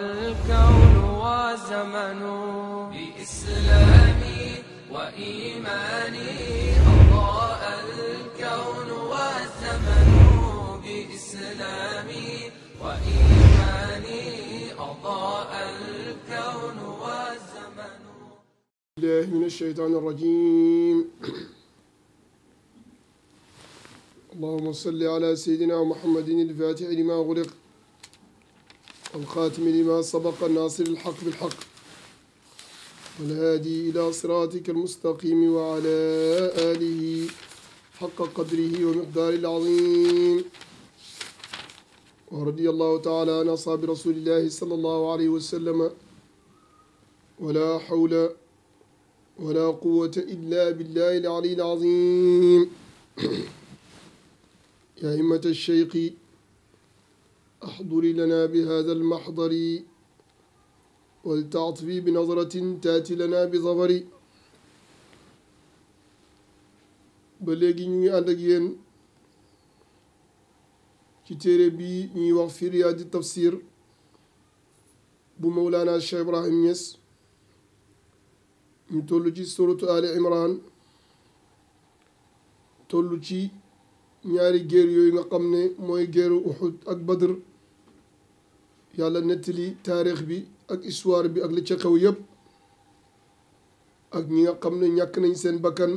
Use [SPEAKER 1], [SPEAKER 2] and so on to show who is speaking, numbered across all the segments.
[SPEAKER 1] الكون وزمن بإسلامي وإيماني أضاء الكون والزمن بإسلامي وإيماني أضاء الكون والزمن الله من الشيطان الرجيم اللهم صل على سيدنا محمد الفاتح لما غلق الخاتم لما سبق الناصر الحق بالحق والهادي إلى صراطك المستقيم وعلى آله حق قدره ومقدار العظيم ورضي الله تعالى عن أصحاب رسول الله صلى الله عليه وسلم ولا حول ولا قوة إلا بالله العلي العظيم يا همة الشيخ احضر لنا بهذا المحضر ولتعطفي بنظرة تاتي لنا بظفر ba léegi ñu ngi ànd ak yéen ci téere bi ñuy wax fi riyaadi tafsir bu mawlaana Cheikh Ibrahim Niass ñu toll ci suratu Ali Imran toll ci ñaari géer yooyu nga xam ne mooy géeru Uhud ak Badr yàlla nettali taarix bi ak histoire bi ak li ca xew yëpp ak ñi nga xam ne ñàkk nañ seen bakkan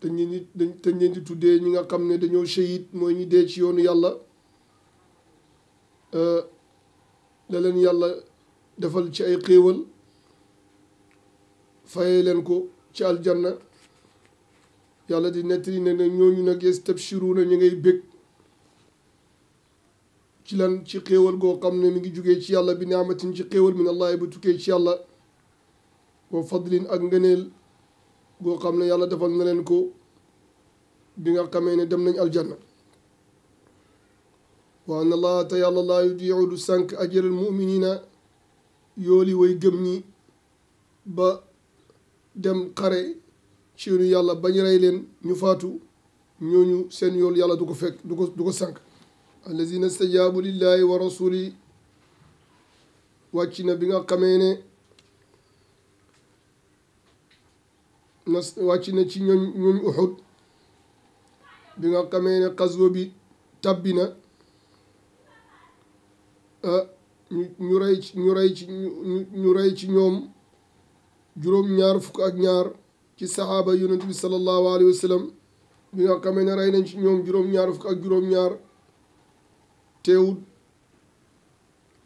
[SPEAKER 1] dañ leen di dañ leen di tuddee ñi nga xam ne dañoo shahid mooy ñu dee ci yoonu yàlla euh, la leen yàlla defal ci ay xéewal fayee leen ko ci aljanna yàlla di nettali ne nag ñooñu nag yastabshiruuna ñu ngay bég ci lan ci xéewal goo xam ne mi ngi jugee ci yàlla bi ti ci xéewal min allah ba tukkee ci yàlla wa fadlin ak ngëneel goo xam ne yàlla defal na leen ko bi nga xamee ne dem nañ aljanna wa anna allaha te yàlla laa yudiicu du sànq ajral muminina yooli way gëm ñi ba dem kare ci yoonu yàlla bañ rey leen ñu faatu ñooñu seen yool yàlla du ko fekk du ko du ko sànq allazina stajaabu lillahi wa rasuli wàcc na bi nga xamee ne nas wàcc na ci ñooñ ñooñ uxud bi nga xamee ne xaswa bi tàbbi na ñu ci ñu rey ci ci ñoom juróom ñaar fukk ak ñaar ci saxaaba yonent bi sallallahu alayhi wa sallam bi nga xamee ne rey nañ ci ñoom juróom ñaar fukk ak juróom ñaar teewut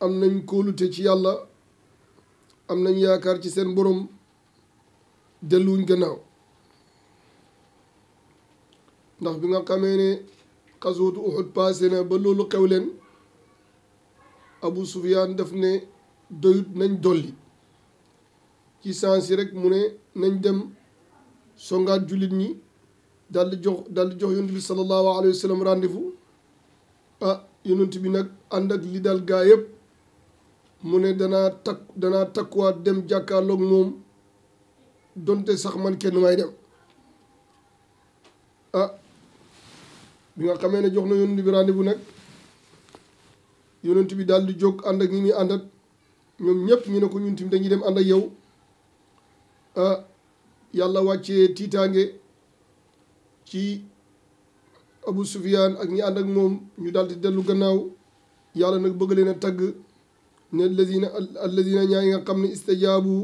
[SPEAKER 1] am nañ kóolute ci yàlla am nañ yaakaar ci seen borom delluwuñ gannaaw ndax bi nga xamee ne xasuutu uxut paase na ba loolu xew leen abu sufiyaan def ne doyut nañ dolli ci sens yi rek mu ne nañ dem songaat jullit ñi daldi jox daldi jox yonent bi sallallahu alayhi wa sallam ah yonent bi nag ànd ak li dal gaa yépp mu ne danaa takk danaa takkuwaat dem jàkkaarloog moom donte sax man kenn may dem ah bi nga xamee ne jox na yonent bi rendez-vous nag yonent bi daal di jóg ànd ak ñi muy àndat ñoom ñëpp ñu ne ko ñun tamit dañuy dem ànd ak yow ah yàlla wàccee tiitaange ci Abu Sufyaan ak ñi ànd ak moom ñu daal di dellu gannaaw yàlla nag bëgg leen a tagg ne alladina alladina ñaa ngi nga xam ne istajaabu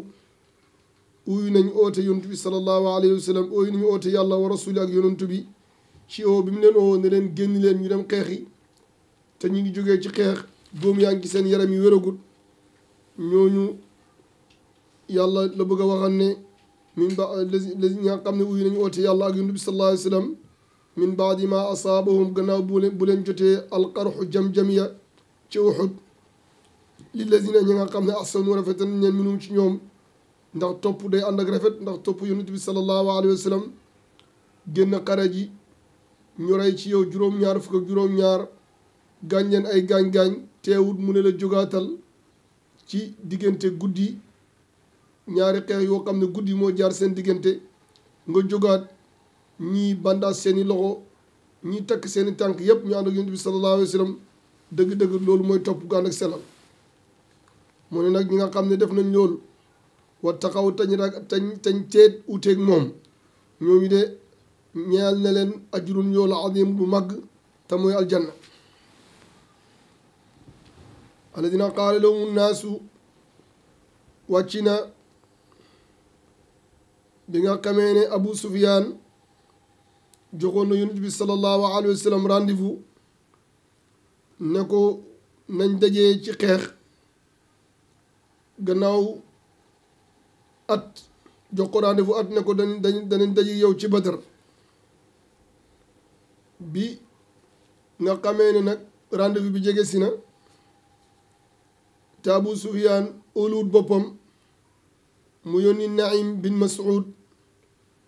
[SPEAKER 1] uyu nañu oote yonent bi sallallahu alayhi wa sallam uyu yàlla wa rasuli ak yonent bi ci oo bi mu leen oo ne leen génn leen ñu dem xeexi te ñu ngi jógee ci xeex góom yaa ngi seen yaram yi wéragul ñooñu yàlla la bëgg a ne ne min ba alladina ñaa xam ne uyu nañu oote yàlla ak yonent bi sallallahu min baadi ma asaabahum gannaaw bu bu leen jotee alqarxu jam-jam ya ci uxud lillazina ñi nga xam ne ahsanu rafetal ñeen minum ci ñoom ndax topp day ànd ak rafet ndax topp yonent bi sallallahu alayhi wa sallam génn xare ji ñu rey ci yow juróom-ñaar fukk ak juróom-ñaar gaañ ay gaañ-gaañ teewut mu ne la jógaatal ci diggante guddi ñaari xeex yoo xam ne guddi moo jaar seen diggante nga jógaat ñii bandage seeni loxo ñii takk seeni tànk yëpp ñu ànd ak yonent bi sallallahu alayhi dëgg-dëgg loolu mooy topp gu ànd ak selal mu ne nag ñi nga xam ne def nañ loolu wa taxaw tañ rag tañ tañ teet uteeg moom ñooñu de ñeel na leen ajrun yoolu azim bu màgg te mooy aljanna alladina qaala lahum naasu wàcc na bi nga xamee ne Abu Sufyaan joxoon na yonent bi sallallahu alayhi wa sallam rendez-vous ne ko nañ dajee ci xeex gannaaw at jox ko rendez-vous at ne ko dañ dañ yow ci Badar bi nga xamee ne nag rendez bi jege si na te Abu Sufyaan boppam mu yónni Naim bin Mas'ud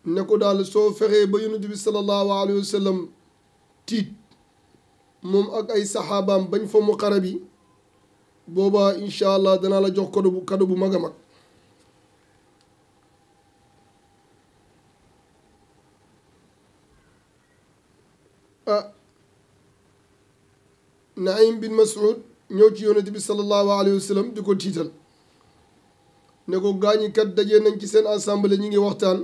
[SPEAKER 1] ne ko daal soo fexee ba yonent bi sallallahu alayhi wa sallam tiit moom ak ay saxaabaam bañ fa mu xare bi boobaa incha allah danaa la jox kado bu kado bu mag a mag ah Naim bin Mas'ud ñoo ci yonent bi sallallahu alayhi wa sallam di ko tiital ne ko gaañi kat dajee nañ ci seen assemblée ñi ngi waxtaan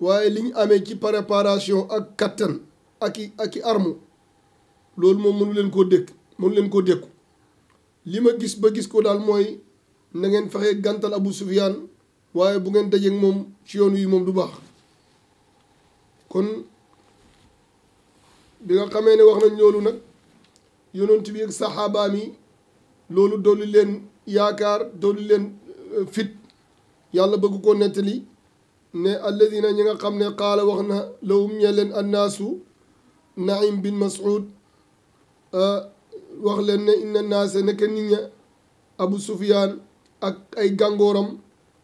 [SPEAKER 1] waaye li ñu amee ci préparation ak kattan ak i ak i arme loolu moom mënu leen koo dékk mënu leen koo dékku li ma gis ba gis ko daal mooy na ngeen fexe gàntal Abu Sufyaan waaye bu ngeen dajeek moom ci yoon wi moom du baax kon bi nga xamee ne wax nañ loolu nag yonent bi ak saxaabaam yi loolu dolli leen yaakaar dolli leen euh, fit yàlla bëgg ko nettali ne alladina ñi nga xam ne qaala wax na lawum ñe leen annaasu naim bin masud wax leen ne inna naasa naka nit abu sufyaan ak ay gàngooram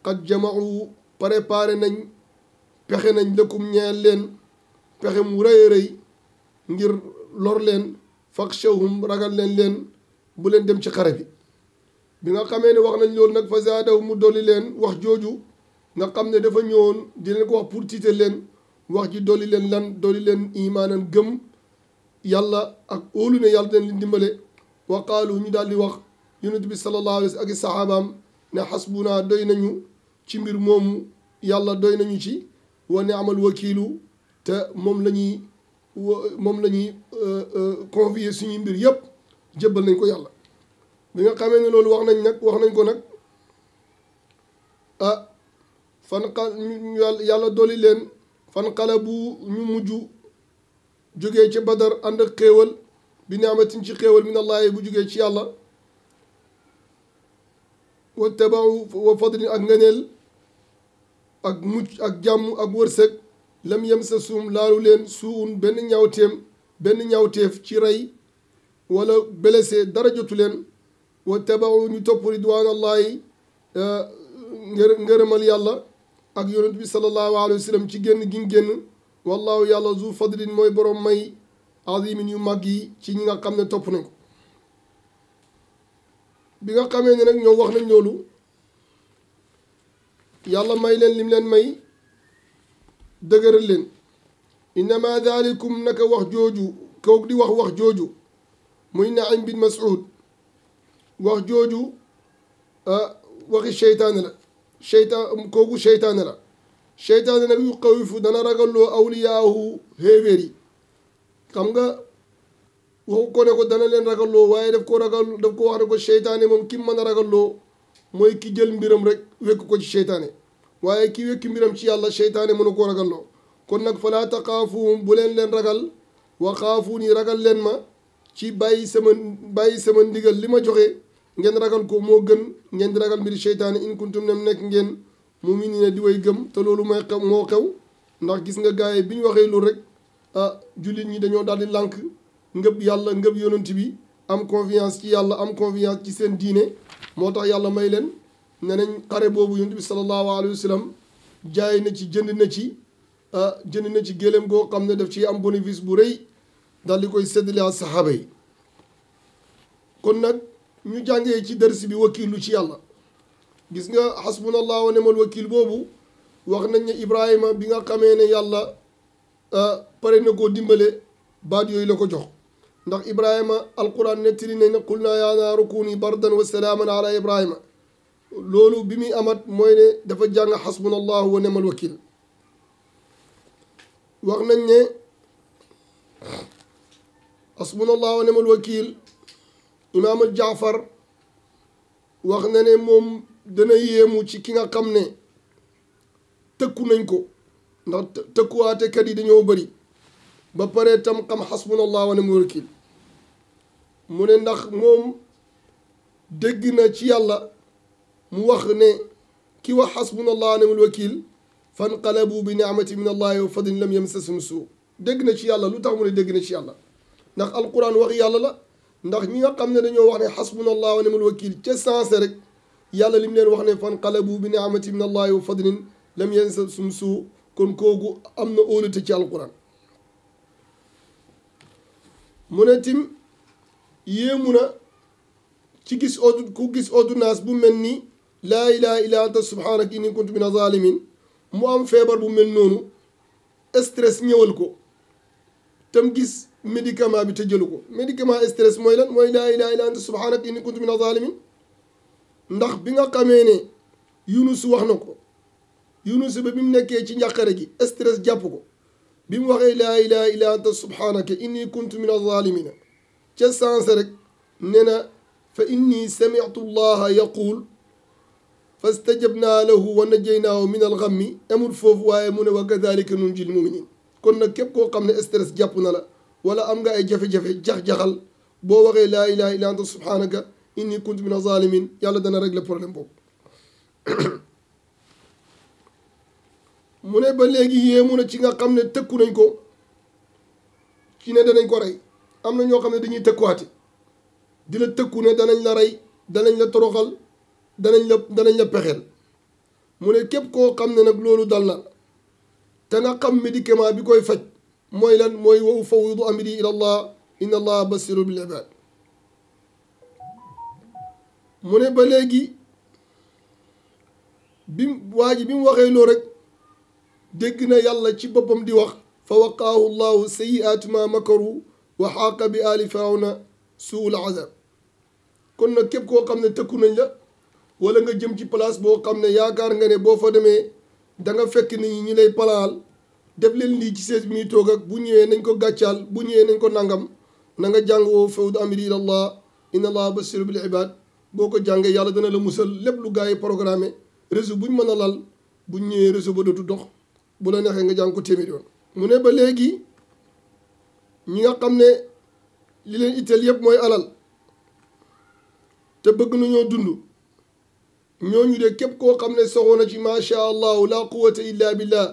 [SPEAKER 1] xat jamau préparé nañ pexe nañ lëkkum ñeel leen pexe mu rëy a rëy ngir lor leen faxshawhum ragal leen leen bu leen dem ci xare bi bi nga xamee ne wax nañ loolu nag fa zaadahu mu dolli leen wax jooju nga xam ne dafa ñëwoon di leen ko wax pour tiital leen wax ji dolli leen lan dolli leen imaanan gëm yàlla ak óolu ne yàlla dañ li dimbale wa qaalu ñu daal di wax yonent bi sallallahu alayhi ak i ne ne xasbuna doy nañu ci mbir moomu yàlla doy nañu ci wa ni'mal wakiilu te moom la ñuy moom la ñuy euh, euh, confier suñuy mbir yépp jébbal nañ ko yàlla bi nga xamee ne loolu wax nañ nag wax nañ ko nag ah, fan xal yàlla dolli leen fan xala bu ñu mujj jógee ci badar ànd ak xéewal bi niamatin ci xéewal min allahi bu jógee ci yàlla wa tabau wa fadlin ak ngëneel ak mucc ak jàmm ak wërsëg lam yem sa suum laalu leen suun benn ñaawteem benn ñaawteef ci rey wala blessé dara jotu leen wa tabau ñu topp ridwaan allahi eh, yàlla ak yonent bi sallallahu alayhi wa sallam ci génn gi génn wallaahu yàlla zu fadlin mooy boroom may azimin yu mag yi ci ñi nga xam ne topp nañ ko bi nga xamee na nag ñoo wax nañ loolu yàlla may leen lim leen may dëgëral leen innama dalikum naka wax jooju kooku di wax wax jooju muy Naim bin Mas'ud wax jooju ah, waxi seytaane la seytaan kooku seytaane la seytaane nag yu xawifu dana ragalloo awliyaahu xéewéer yi xam nga ko ne ko dana leen ragalloo waaye daf ko ragal daf ko wax ne ko seytaane moom ki mën a ragalloo mooy ki jël mbiram rek wekk ko ci seytaane waaye ki wekki mbiram ci yàlla seytaane mënu koo ragalloo kon nag falaa taxaafuhum bu leen leen ragal wa xaafuuni ragal leen ma ci bàyyi sama bàyyi sama ndigal li ma joxe ngeen ragal ko moo gën ngeen di ragal mbiri seytaane in kuntum nem nekk ngeen mu muminina di way gëm te loolu may xew moo xew ndax gis nga gars yi bi ñu waxee lu rek ah jullit ñi dañoo daal di lànk ngëb yàlla ngëb yonent bi am confiance ci yàlla am confiance ci seen diine moo tax yàlla may leen ne nañ xare boobu yonent bi sallallahu alayhi wa sallam jaay na ci jënd na ci ah jënd na ci géléem goo xam ne def ci am bénéfice bu rëy daal di koy séddale saxaaba yi kon ñu jàngee ci dërs bi wakiilu ci yàlla gis nga xasbunallah wa nemal wakiil boobu wax nañ ne Ibrahima bi nga xamee ne yàlla euh, pare na koo dimbale baat yooyu la ko jox ndax Ibrahima alquran nettali nañ ne qul naa yaa naaru kuuni bardan wa salaaman ala Ibrahima loolu bi muy amat mooy ne dafa jàng xasbunallah wa nemal wakiil wax nañ wakiil imaamul jaafar wax na ne moom dana yéemu ci ki nga xam ne tëkku nañ ko ndax tëkkuwaatekat yi dañoo bari ba pare tam xam xasbunallah wa ni'mal wakiil mu ne ndax moom dégg na ci yàlla mu wax ne ki wax xasbunallah wa ni'mal wakiil fanqalabu bi ni'mati min allahi wa fadlin lam yamsasum suu dégg na ci yàlla lu tax mu ne dégg na ci yàlla ndax alquran wax yàlla la ndax ñi nga xam ne dañoo wax ne xasbunallah wa ni'mal wakiil ca sensé rek yàlla li mu leen wax ne fan qalabu bi ni'mati min allahi wa fadlin lam yansabhum suu kon kooku am na óolute ci alquran mu ne tim yéemu na ci gis odu ku bu mel ni laa ilaha illa anta subhanaka inni kuntu mina zalimin mu am feebar bu mel noonu stress ñëwal ko tam gis médicament bi te jëlu ko médicament stress mooy lan mooy laa ilaha illa anta subhanaka inni kuntu mina zalimin ndax bi nga xamee ne yunus wax na ko yunus ba bi mu nekkee ci njàqare gi stress jàpp ko bi mu waxee laa ilaha illa anta subhanaka inni kuntu mina zalimina ca sanse rek ne na fa inni samitu llaha yaqul fastajabnaa lahu wa najaynaahu min alxammi amul foofu waaye mu ne wa kadalika nunjil muminin kon nag képp koo xam ne stress jàpp na la wala am nga ay jafe-jafe jax-jaxal boo waxee laa ilaha illa anta subhanaka inni kuntu mina zalimin yàlla dana régler problème boobu mu ne ba léegi yéemu na ci nga xam ne tëkku nañ ko ci ne danañ ko rey am na ñoo xam ne dañuy tëkkuwaate di la tëkku ne danañ la rey danañ la torokal danañ la danañ la pexeel mu ne képp koo xam ne nag loolu dal na te nga xam médicament bi koy faj mooy lan mooy wow ufawidu amri ila allah inna allah basiru bil ibad mu ne ba léegi bi waa ji bi waxee loo rek dégg na yàlla ci boppam di wax fa waqaahu llahu sayiaati ma makaru wa xaaqa bi ali firawna suul kon na képp koo xam ne tëkku nañ la wala nga jëm ci place boo xam ne yaakaar nga ne boo fa demee da nga fekk ni ñu lay palaal def leen lii ci sees bi minutes toog ak bu ñëwee nañ ko gàccaal bu ñëwee nañ ko nangam na nga jàng woo fawdu amri ilallah inna allah basiru bil ibad boo ko jàngee yàlla dana la musal lépp lu gars yi programmé réseau bu ñu mën a lal bu ñu ñëwee réseau ba dootu dox bu la neexee nga jàng ko téeméer yoon mu ne ba léegi ñi nga xam ne li leen itteel yëpp mooy alal te bëgg nañoo dund ñoo ñu dee képp koo xam ne soxoon na ci macha allahu la quwata illa billah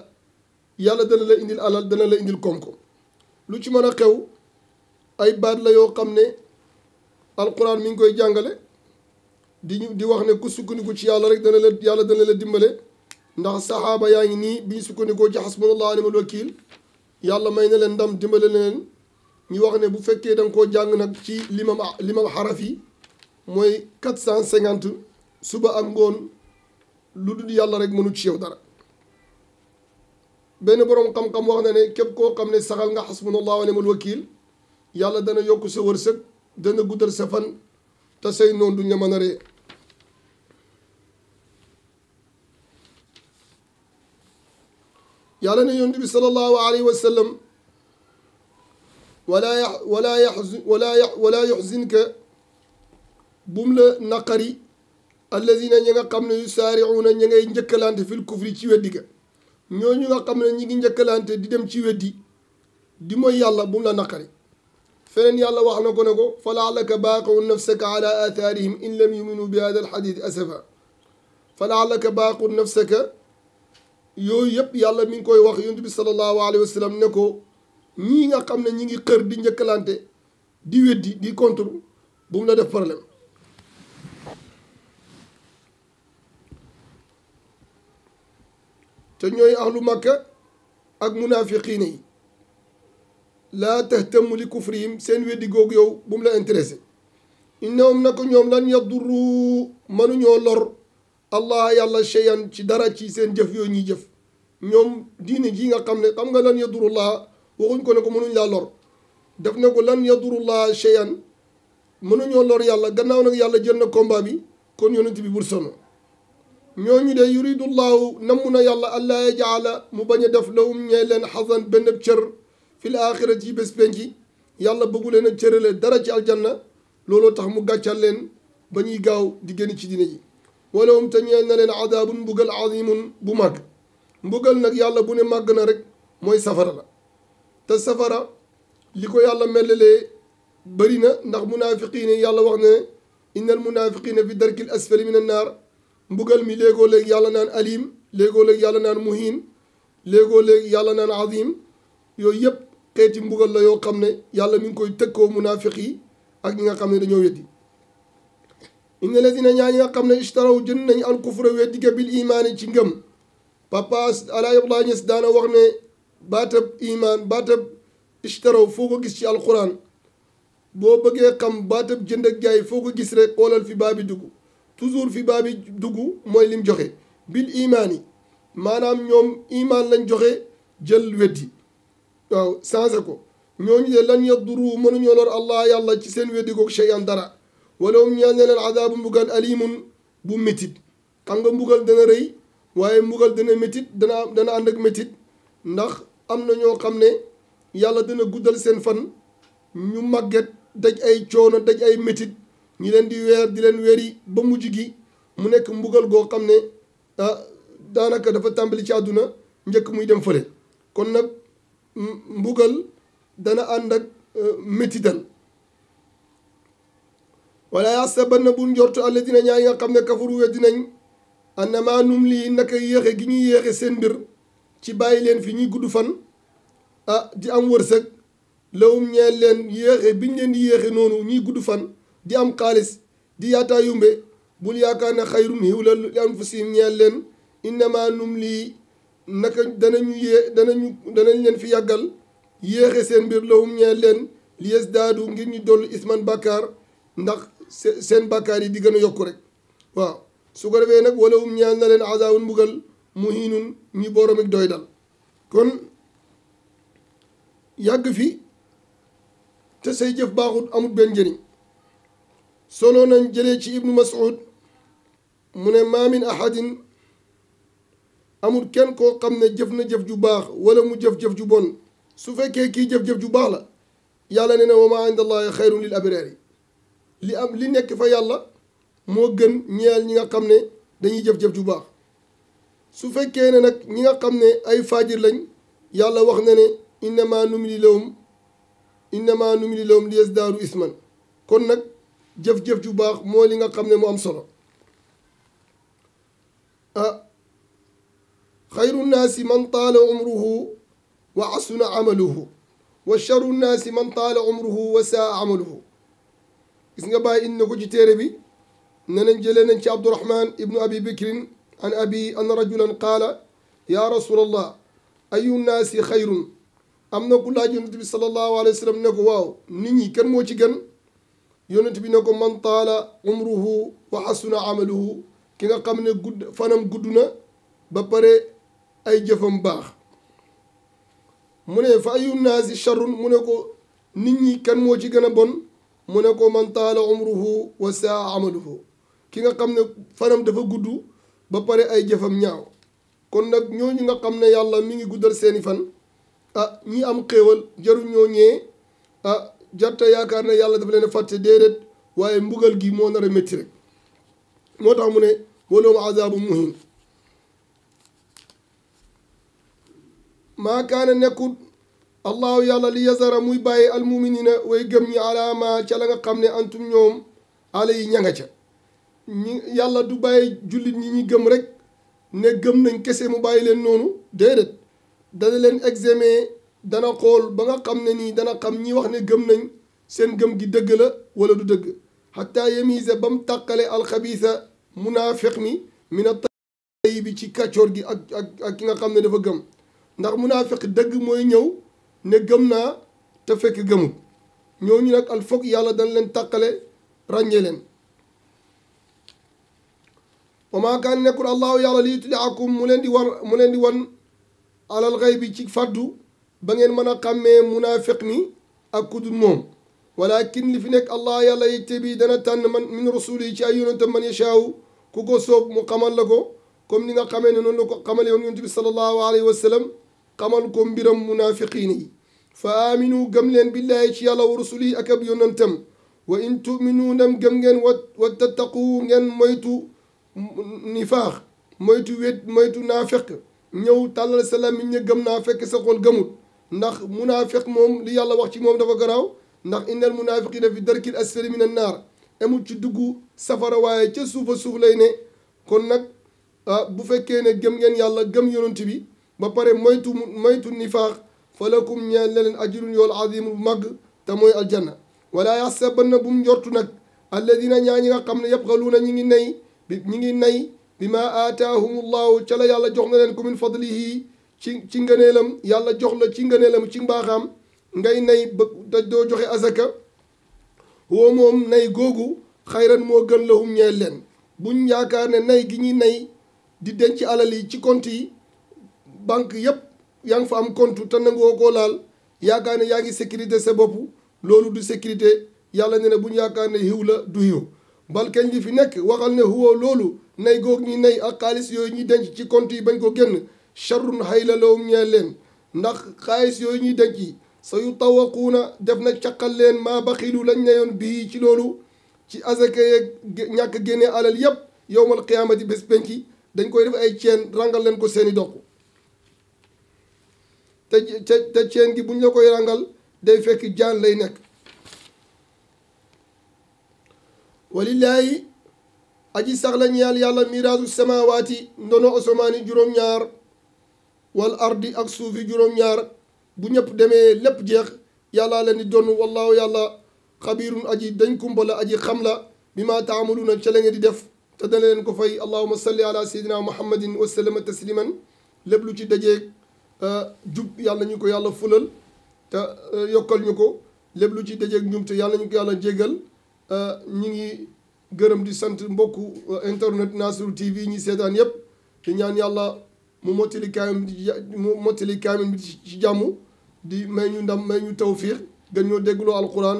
[SPEAKER 1] yàlla dana la indil alal dana la indil koom lu ci mën a xew ay baat la yoo xam ne alquran mi ngi koy jàngale di ñu di wax ne ku sukkandiku ci yàlla rek dana la yàlla dana la dimbale ndax saxaaba yaa ngi nii bi ñu sukkandikoo ci xasbunallah nimal wakiil yàlla may na leen ndam dimbale leen ñu wax ne bu fekkee da koo jàng nag ci limam limam xaraf yi mooy quatre cent cinquante suba ak ngoon lu dul yàlla rek mënut ci yow dara benn boroom xam-xam wax na ne képp koo xam ne saxal nga xasbunallahu wa ni'mal wakiil yàlla dana yokk sa wërsëg dana guddal sa fan te say noon du ñu mën a ree yàlla ne yonent bi sallallahu alayhi wa sallam walaa walaa walaa walaa yuxzinka bum la naqari alladina ñi nga xam ne yusaariuuna ñi ngay njëkkalante fil kufri ci weddi ñoo ñooñu nga xam ne ñi ngi njëkkalante di dem ci weddi di mooy yàlla bu mu la naqari feneen yàlla wax na ko ne ko fa laalaka baaqu nafsaka ala athaarihim in lam yuminu bi hada alxadit asafa fa laalaka baaqu nafsaka yooyu yëpp yàlla mi ngi koy wax yonent bi sallallahu alayhi wa sallam ne ko ñii nga xam ne ñi ngi xër di njëkkalante di weddi di contre bu mu la def problème te ñooy ahlu makka ak munafiqiin yi laa tahtamu li kufrihim seen weddi googu yow bu mu la intéressé innahum na ko ñoom lan yadurru mënuñoo lor allah yàlla cheyan ci dara ci seen jëf yooyu ñuy jëf ñoom diine ji nga xam ne xam nga lan yadurullah waxuñ ko ne ko mënuñ laa lor def na ko lan yadurullah cheyan mënuñoo lor yàlla gannaaw nag yàlla jël na combat bi kon yonent bi bur sono ñooñu de yuridullahu namm na yàlla allah yajaala mu bañ a def lawum ñee leen xasan benn cër fil axirati yi bés penc yàlla bëggu leen a cërale dara ci aljanna looloo tax mu gàccal leen ba ñuy gaaw di génn ci dina ji walahum te ñeel na leen adaabun bu màgg mbugal nag yàlla bu ne màgg na rek mooy safara la te safara li ko yàlla melalee bëri na ndax munaafiqiin yàlla wax ne inna al munaafiqiina fi darkil asfali min an naar mbugal mi léegoo léegi yàlla naan alim léegoo léeg yàlla naan muhin léegoo léegi yàlla naan azim yooyu yëpp xeeti mbugal la yoo xam ne yàlla mi ngi koy tëkkoo munaafiq yi ak ñi nga xam ne dañoo weddi inna lazina ñaa ñi nga xam ne ishtaraw jënd nañu al kufra weddi ga bil imaani ci ngëm papa Alaa Abdoulaye Niass daana wax ne baatab imaan baatab ishtaraw foo ko gis ci alquran boo bëggee xam baatab jënd ak jaay foo ko gis rek koolal fi baabi dugg toujours fi baa bi dugg mooy lim joxe bil imaan maanaam ñoom imaan lañ joxe jël weddi waaw changé ko ñooñu de lan yaduru mënuñoo lor allah yàlla ci seen weddi googu shay an dara wala um ñaan ne leen adaabu mbugal alimun bu métit xam nga mbugal dana rëy waaye mbugal dana métit dana dana ànd métit ndax am na ñoo xam ne yàlla dana guddal seen fan ñu màgget daj ay coono daj ay métit ñi leen di weer di leen weer yi ba mujj gi mu nekk mbugal goo xam ne ah daanaka dafa tàmbali ci àdduna njëkk muy dem fële kon nag mbugal dana ànd ak eh, métital wala na bu njortu alladina ñaa yi nga xam ne kafaru weddi nañ annama num lii naka yéexe gi ñuy yéexe seen mbir ci bàyyi leen fi ñuy gudd fan ah di am wërsëg lawum ñeel leen yéexe biñ leen di yéexe noonu ñuy gudd fan di am xaalis di yaataa yumbe bul yaakaar ne xayrun xiw la li anfusihim ñeel leen innama num lii naka danañu yée danañu danañ leen fi yàggal yéexe seen mbir lahum ñeel leen li yes daadu ñu dollu isman bàkkaar ndax seen bàkkaar yi di gën a yokku rek waaw su ko defee nag wala um ñeel na leen azaawun mbugal muhiinun ñi borom doy dal kon yàgg fi te say jëf baaxut amut benn njëriñ solo nañ jëlee ci ibnu mas'ud mu ne ma min ahadin amul kenn koo xam ne jëf na jëf ju baax wala mu jëf-jëf ju bon su fekkee kii jëf-jëf ju baax la yàlla ne na wa ma inda allahi xayrun lil abraar yi li am li nekk fa yàlla moo gën ñeel ñi nga xam ne dañuy jëf-jëf ju baax su fekkee ne nag ñi nga xam ne ay faajir lañ yàlla wax na ne nu numli lahum innama numli lahum liyazdaaru isman kon nag jëf-jëf ju baax moo li nga xam ne mu am solo ah xayru nnaasi man taala umruhu wa asuna amaluhu wa charu nnaasi man taala saa amaluhu gis nga bàyyi indi na ko ci téere bi ne nañ jëlee nañ ci abdurahman ibnu abi bikrin an abi an rajulan qaala yaa rasul allah ayu nnaasi am na ku laaj yonent bi sallallahu alayhi wa sallam ne ko waaw nit ñi kan moo ci gën yonent bi ne ko man taala umruhu wa xasuna amaluhu ki nga xam ne gudd fanam gudd na ba pare ay jëfam baax mu ne fa ayu naasi charrun mu ne ko nit ñi kan moo ci gën a bon mu ne ko man taala umruhu wa saa amaluhu ki nga xam ne fanam dafa gudd ba pare ay jëfam ñaaw kon nag ñooñu nga xam ne yàlla mu ngi guddal seeni fan ah ñi am xéewal jaru ñooñee ah jarta yaakaar ne yàlla dafa leen fàtte déedéet waaye mbugal gi moo nar a métti rek moo tax mu ne waloom azaabu muhin maa kaana nekkul allahu yàlla li yazara muy bàyyi almuminina way gëm ñi alaama ca la nga xam ne antum ñoom ala yi ñanga ca ñi yàlla du bàyyi jullit ñi ñi gëm rek ne gëm nañ kese mu bàyyi leen noonu déedéet dana leen examen dana xool ba nga xam ne nii dana xam ñi wax ne gëm nañ seen gëm gi dëgg la wala du dëgg xataa yemiisa ba mu tàqale alxabiisa munaafiq mi min a tayi bi ci kàccoor gi ak ak ak ki nga xam ne dafa gëm ndax munaafiq dëgg mooy ñëw ne gëm naa te fekk gëmul ñooñu nag al yàlla dana leen tàqale ràññee leen wa maa kaan nekkul allahu yàlla lii tuddaakum mu leen di war mu leen di wan alal xay bi ci fàddu ba ngeen mën a xàmmee munaafiq mi ak ku dul moom walakin li fi nekk allah yàlla yegte bi dana tànn man min rasul yi ci ay yonentam man yashaawu ku ko soob mu xamal la ko comme ni nga xamee ne noonu la ko xamale woon yonent bi sallallahu alayhi wa xamal ko mbiram munaafiqiina yi fa aaminu gëm leen billaahi ci yàlla wa rasul yi ak ab yonentam wa in tuminu ndem gëm ngeen wa wa tattaqu ngeen maytu nifaax moytu wét moytu naafeq ñëw tàllal salaam mi ñu gëm naa fekk sa xol gëmut ndax munaafiq moom li yàlla wax ci moom dafa garaaw ndax innal munaafiqiina fi darkil asfali min an naar amul ci dugg safara waaye ca suufa suuf lay ne kon nag ah, bu fekkee ne gëm ngeen yàlla gëm yonent bi ba pare moytu moytu nifaax fa lakum ñeel na leen ajrun yool azimu bu màgg te mooy aljanna wala yaxsabanna bu mu njortu nag alladina ñaa ñi nga xam ne yabxaluuna ñi ngi nay ñi ngi nay bi ma aataahum llahu ca yàlla jox na leen ko min fadlihi ci ci ngëneelam yàlla jox la ci ngëneelam ci mbaaxaam ngay nay ba te doo joxe azaka woo moom nay googu xayran moo gën lahum ñeel leen buñ yaakaar ne nay gi ñu nay di denc alal yi ci compte yi banque yépp yaa ngi fa am compte te nangoo koo laal yaakaar ne yaa ngi sécurité sa bopp loolu du sécurité yàlla ne ne buñ yaakaar ne xiw la du xiw bal kañ li fi nekk waxal ne huwa loolu nay goog ñu nay ak xaalis yooyu ñu denc ci compte yi bañ ko génn charrun hayla lawum leen ndax xaalis yooyu ñuy denc yi sa yu def na caqal leen maa baxilu lañ ne yoon bii ci loolu ci azaka yeeg ñàkk génne alal yépp yowmal qiyaamati bés penki dañ koy def ay ceen rangal leen ko seeni doq te ceen gi buñ la koy rangal day fekk jaan lay nekk walillaahi aji sax la ñeel yàlla miraasu samawaati ndono osomaani juróom-ñaar wal ardi ak suufi juróom-ñaar bu ñëpp demee lépp jeex yàllaa leen di donn wallaahu yàlla xabiirun aji dañ kumbala aji xam la bi maa taamaluuna ca la di def te dana leen ko fay allahuma salli ala sayidina muhammadin wa sallama tasliman lépp lu ci dajeeg euh, jub yàlla ñu ko yàlla fulal te euh, yokkal ñu ko lépp lu ci dajeeg njumte yàlla ñu ko yàlla jégal euh, ñu ngi gërëm di sant mbokku internet Nasru TV ñi seetaan yépp di ñaan yàlla mu mottali kaamil mu mottali kaamil bi ci jàmm di may ñu ndam may ñu tawfiq gën ñoo déggloo alquran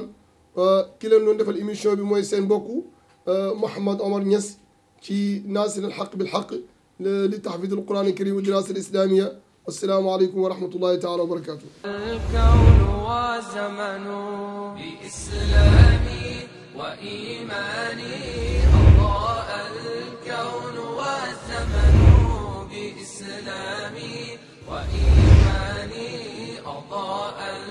[SPEAKER 1] euh, ki leen doon defal émission bi mooy seen bokk euh, Mouhamed Omar Niass ci naasir alxaq bilxaq li tahfid alquran alkarim wa dirasa alislamia wassalaamu aleykum wa rahmatullahi taala wa barakatuh alkawn wa zamanu bi islami wa imani alkawn إسلامي وإيماني أضاء